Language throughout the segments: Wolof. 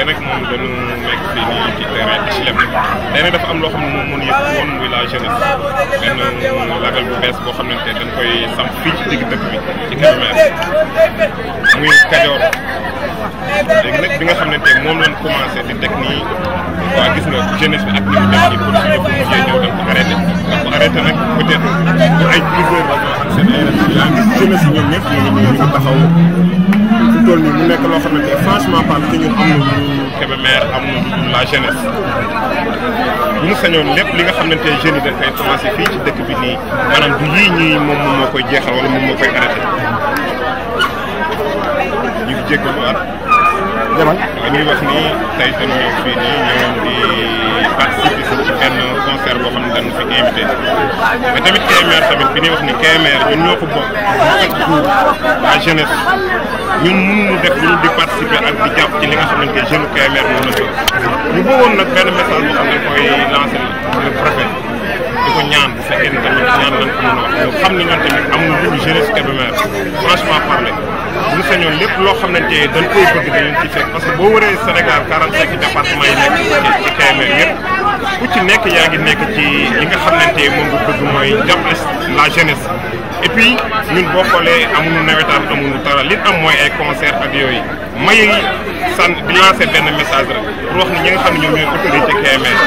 tey nag moom dañu nekk fii nii loo la jeunesse benn bees boo xamante dañ koy samp fii ci digg dëkk bi ci Kébémer muy Kajoor léegi nag bi nga xam ne tey moom lañ commencé di teg nii waa gis nga ak ni mu ko mujjee ñëw ko arrêté nag peut être bu ay plusieurs raisons ak seen ay raisons la jeunesse ñoom ñëpp ñu mu toll nii mu nekk loo xam ne franchement parle que ñun am am la jeunesse bu mu lépp li nga xam ne tey jeunes yi dañ koy fii ci dëkk bi nii maanaam du yii ñii moom moom moo koy jeexal wala moom moo koy arrêté ñu jégalu waat. demal iya, dañuy ini ni tay dañu ñëw fii di participer si konser benn concert boo xam ne dañu fi invité mais tamit KMR tamit bi ñuy wax ni KMR ñun ñoo ko di participer ak di jàpp ci li nga xamante jeune KMR moo na ñu bëggoon nag benn message boo xam ne koy ñaan bu fekkee ne ñaan lan ko mën wax ñu xam ne ñoon tamit amul lu jeunesse KMR franchement parler ñu sañoon lépp loo xamante ne dañ koy bëgg dañu ci fekk parce que boo wëree Sénégal 45 département yi nekk ci ci KMR yëpp ku ci nekk yaa ngi nekk ci li nga xamante moom nga bëgg mooy jàppale la jeunesse. et puis ñun boo xoolee amuñu nawetaan amuñu dara li am mooy ay concert ak yooyu maye yi san di lancer benn message rek pour wax ni ñi nga xam ne ñoom ñooy autorité KMR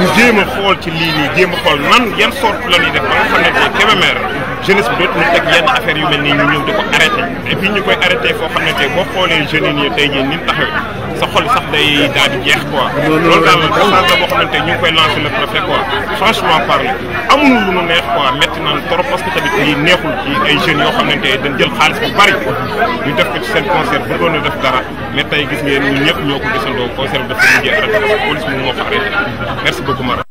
ñu jéem a xool ci lii nii jéem a xool nan yan sorte la ñuy def ba nga xam ne KMR jeunesse bi ñu teg yenn affaire yu mel nii ñu ñëw di ko arrêté. bi ñu koy arrêté foo xam ne tey boo xoolee jeunes yi tey jii ni mu taxawee sa xol sax day daal di jeex quoi. loolu daal message la xam ne tey ñu ngi koy lancé le préfet neex quoi trop parce lii neexul ci ay jeunes yoo xam ne tey dañ jël xaalis bu bari ñu def ko ci seen concert bëggoon a def dara mais tey gis ngeen ñun ñëpp ñoo ko gisandoo concert bi dafa mujjee arrêté parce que police moom moo ko arrêté merci beaucoup Mara.